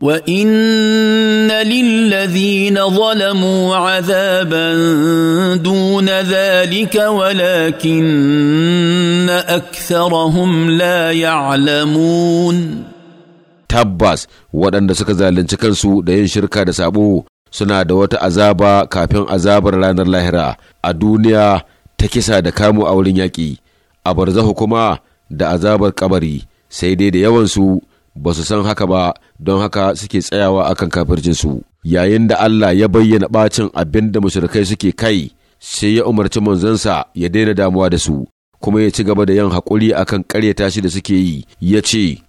وان للذين ظلموا عذابا دون ذلك ولكن اكثرهم لا يعلمون tabbas waɗanda suka zalunci kansu da yin shirka da saɓo, suna da wata azaba kafin azabar ranar lahira a duniya ta kisa da kamu a wurin yaƙi a barzahu kuma da azabar ƙabari, sai dai da yawansu ba su san haka ba don haka suke tsayawa akan kafircinsu yayin da Allah ya bayyana bacin abin da mushrikai suke kai sai ya umarci manzansa ya daina damuwa da su kuma ya ci gaba da yin haƙuri akan ƙaryata shi da suke yi ya ce